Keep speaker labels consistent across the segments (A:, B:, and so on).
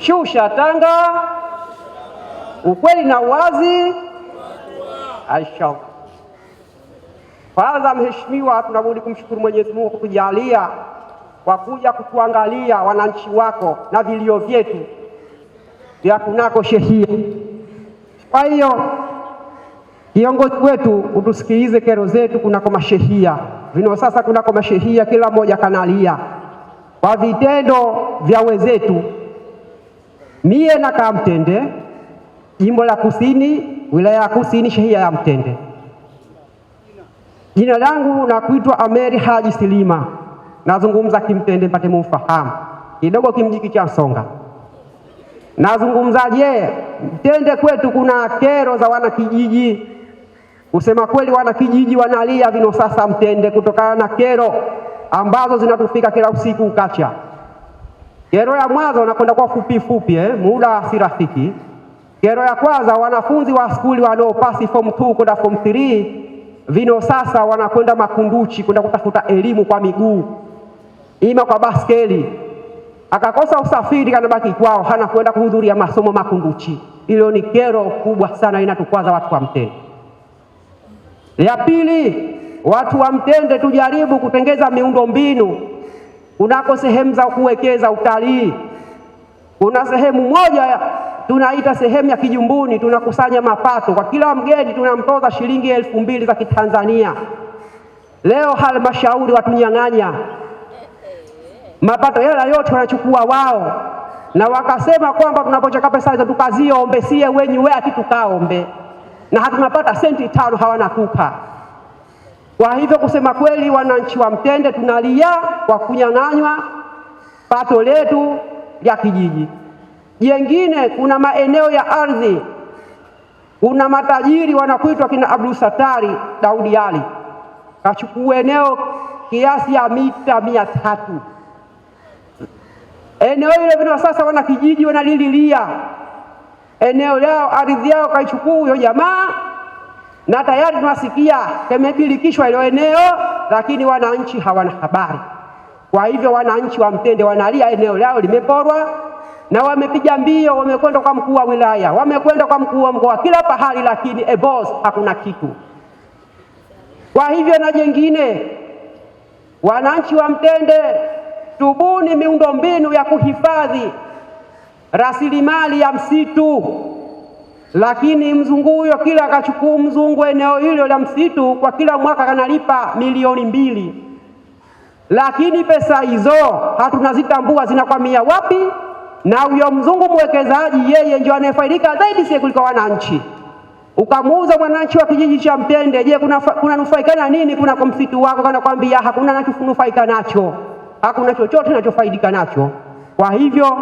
A: shusha tanga, ukweli na uwazi. Aisha kwanza, Mheshimiwa, tunabudi kumshukuru Mwenyezi Mungu kutujalia kwa kuja kutuangalia wananchi wako na vilio vyetu vya kunako shehia. Kwa hiyo kiongozi wetu utusikilize kero zetu kunako mashehia vino, sasa kunako mashehia kila mmoja kanalia kwa vitendo vya wenzetu. Mie nakaa Mtende, jimbo la Kusini, wilaya ya Kusini, shehia ya Mtende. Jina langu nakuitwa Ameri Haji Silima, nazungumza Kimtende mpate mumfahamu kidogo, kimjiki cha Msonga nazungumzaje. Mtende kwetu kuna kero za wanakijiji. Kusema kweli, wanakijiji wanalia vino sasa Mtende kutokana na kero ambazo zinatufika kila usiku ukacha Kero ya mwanzo nakwenda kwa fupi fupi, eh, muda si rafiki. Kero ya kwanza, wanafunzi wa skuli wanaopasi form 2 kwenda form 3 vino sasa wanakwenda Makunduchi kwenda kutafuta elimu kwa miguu, ima kwa baskeli. Akakosa usafiri, kanabaki kwao, hana kwenda kuhudhuria masomo Makunduchi. ilo ni kero kubwa sana, inatukwaza watu wa Mtende. Ya pili, watu wa Mtende tujaribu kutengeza miundo mbinu kunako sehemu za kuwekeza utalii. Kuna sehemu moja ya, tunaita sehemu ya Kijumbuni, tunakusanya mapato kwa kila mgeni, tunamtoza shilingi elfu mbili za Kitanzania. Leo halmashauri watunyang'anya mapato yala yote, wanachukua wao, na wakasema kwamba tunapochaka pesa hizo tukaziombe sie wenyewe, ati tukaombe na hatunapata senti tano, kupa kwa hivyo kusema kweli, wananchi wa Mtende tunalia kwa kunyang'anywa pato letu ya kijiji. Jengine, kuna maeneo ya ardhi, kuna matajiri wanakuitwa kina Abdul Satari Daudi Ali kachukua eneo kiasi ya mita mia tatu eneo hilo vina sasa, wana kijiji wanalililia eneo lao, ardhi yao kaichukua huyo jamaa na tayari tunasikia yamemilikishwa ile eneo, lakini wananchi hawana habari. Kwa hivyo wananchi wa Mtende wanalia eneo lao limeporwa, na wamepiga mbio, wamekwenda kwa mkuu wa wilaya, wamekwenda kwa mkuu wa mkoa, kila pahali, lakini boss, hakuna kitu. Kwa hivyo na jengine, wananchi wa Mtende, tubuni miundo mbinu ya kuhifadhi rasilimali ya msitu lakini mzungu huyo kila akachukua mzungu eneo hilo la msitu, kwa kila mwaka kanalipa milioni mbili, lakini pesa hizo hatunazitambua zinakwamia wapi, na huyo mzungu mwekezaji yeye ndio anayefaidika zaidi, sie kuliko wananchi. Ukamuuza mwananchi wa kijiji cha Mpende, je, kuna, kuna na nini? Kuna kwa msitu wako kanakwambia hakuna nachonufaika nacho, hakuna chochote nachofaidika nacho. Kwa hivyo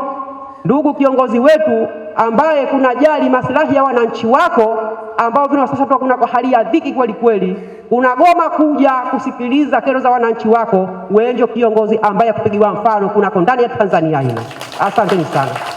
A: ndugu kiongozi wetu ambaye kuna jali maslahi ya wananchi wako ambao vina sasa kuna kwa hali ya dhiki kweli kweli, unagoma kuja kusikiliza kero za wananchi wako, wenjo kiongozi ambaye kupigiwa mfano kunako ndani ya Tanzania hii. Asanteni sana.